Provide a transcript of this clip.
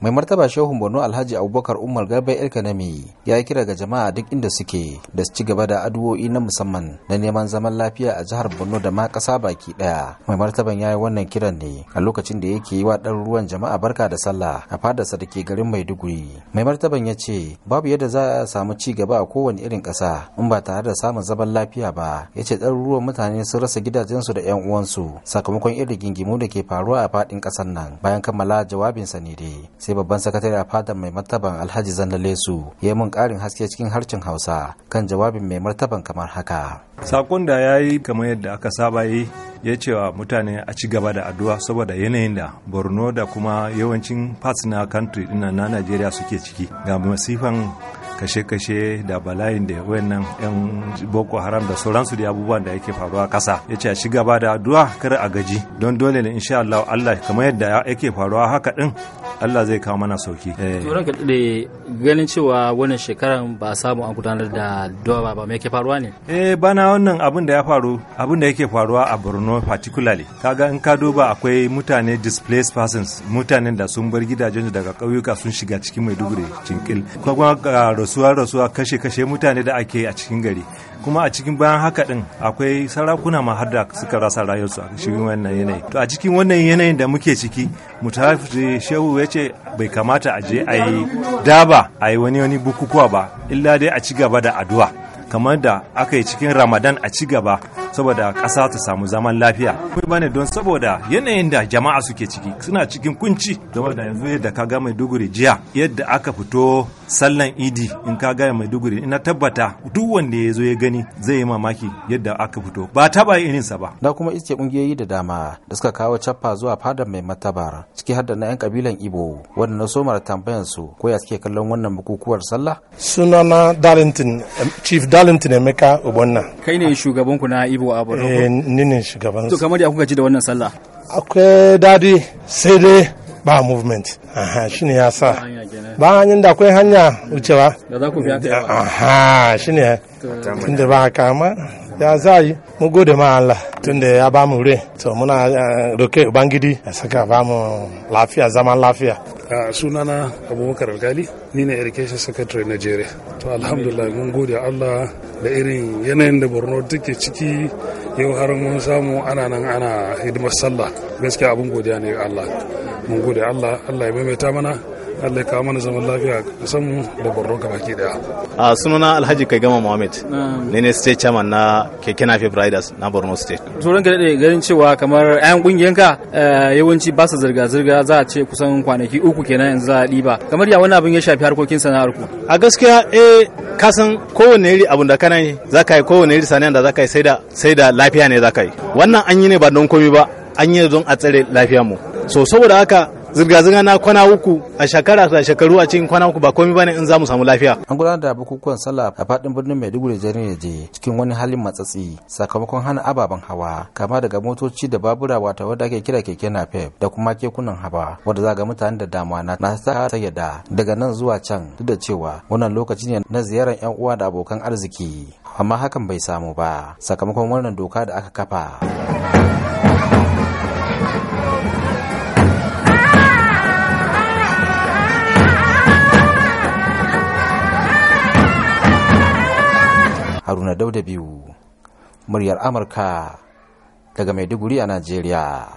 mai martaba shehun borno alhaji abubakar umar garba elkanami ya yi kira ga jama'a duk inda suke da su ci gaba da addu'o'i na musamman na neman zaman lafiya a jihar borno da ma kasa baki ɗaya mai martaban ya yi wannan kiran ne a lokacin da yake yi wa ruwan jama'a barka da sallah a fadarsa da ke garin maiduguri mai martaban ya ce babu yadda za a samu ci gaba a kowane irin ƙasa in ba tare da samun zaman lafiya ba ya ce ɗaruruwan mutane sun rasa gidajensu da 'yan uwansu sakamakon irin gingimu da ke faruwa a faɗin ƙasar nan bayan kammala jawabinsa ne dai sai babban sakatare a fadar mai martaban alhaji zandalesu ya mun karin haske cikin harshen hausa kan jawabin mai martaban kamar haka sakon da ya yi kamar yadda aka saba yi ya cewa mutane a ci gaba da addu'a saboda yanayin da borno da kuma yawancin parts na country dinnan na najeriya suke ciki ga masifan kashe-kashe da bala'in da wayannan 'yan boko haram da sauransu da abubuwan da yake faruwa kasa ya ce a ci gaba da addu'a kar a gaji don dole ne insha Allah Allah kamar yadda yake faruwa haka din Allah zai kawo mana sauki eh. ka dade ganin cewa wannan shekaran ba a samu an gudanar da doba ba mai ke faruwa ne eh bana wannan abin da ya faru abin da yake faruwa a Borno particularly kaga in ka duba akwai mutane displaced persons mutanen da sun bar gidajen daga ƙauyuka sun shiga cikin Maiduguri cinkil kuma rasuwa rasuwa kashe kashe mutane da ake a cikin gari kuma a cikin bayan haka ɗin akwai sarakuna ma har da suka rasa rayuwarsu a cikin wannan yanayi to a cikin wannan yanayin da muke ciki mutafi shehu ce bai kamata a je a yi daba a yi wani wani bukukuwa ba illa dai a ci gaba da addu'a kamar da aka yi cikin ramadan a ci gaba saboda ƙasa ta samu zaman lafiya ba bane don saboda yanayin da jama'a suke ciki suna cikin kunci saboda yanzu yadda ka ga Maiduguri jiya yadda aka fito sallan idi in ka ga Maiduguri ina tabbata duk wanda ya zo ya gani zai yi mamaki yadda aka fito ba taba irin sa ba da kuma iske kungiyoyi da dama da suka kawo cappa zuwa fadar mai matabar ciki har da na yan kabilan Ibo wanda na mara tambayan su ko ya suke kallon wannan bukukuwar sallah sunana Darlington Chief Darlington Emeka Obonna kai ne shugaban ku na Ibo zango a eh ni ne shugaban to kamar ya kuka ji da wannan sallah akwai dadi sai dai ba movement aha shine ya sa ba hanyar da akwai hanya wucewa da za ku fi ba aha shine tunda ba haka ma ya za yi mu gode ma Allah tunda ya ba mu rai to muna eh, roke ubangiji ya saka ba mu lafiya zaman lafiya sunana abubakar alkali ni ne education secretary nigeria to alhamdulillah mun gode Allah da irin yanayin da borno take ciki yau har mun samu ana nan ana hidimar sallah gaskiya abun godiya ne ga Allah mun gode Allah Allah ya maimaita mana Allah ya kawo mana zaman lafiya a samu da Borno gabaki daya. A sunana Alhaji Kai Gama Muhammad. Ne ne state chairman na Keke Napep Riders na Borno state. Turan ka daɗe ganin cewa kamar 'yan kungiyanka eh, yawanci ba su zirga-zirga za a ce kusan kwanaki uku kenan yanzu za a diba. Kamar ya wani abin ya shafi harkokin sana'ar ku. A gaskiya eh kasan kowane iri abun da kana yi za ka yi kowane iri sana'ar da za ka yi sai da lafiya ne za ka yi. Wannan an yi ne ba don komi ba an yi don a tsare lafiyar mu. So saboda haka zirga-zirga na kwana uku a shekara da shekaru a cikin kwana uku ba komai bane in za mu samu lafiya. An gudanar da bukukuwan sallah a faɗin birnin Maiduguri da je cikin wani halin matsatsi sakamakon hana ababen hawa kama daga motoci da babura wata wadda ake kira keke napep da kuma kekunan hawa wadda za ga mutane da dama na ta yada daga nan zuwa can duk da cewa wannan lokaci ne na ziyarar yan uwa da abokan arziki amma hakan bai samu ba sakamakon wannan doka da aka kafa. haruna dauda muryar amurka daga maiduguri a najeriya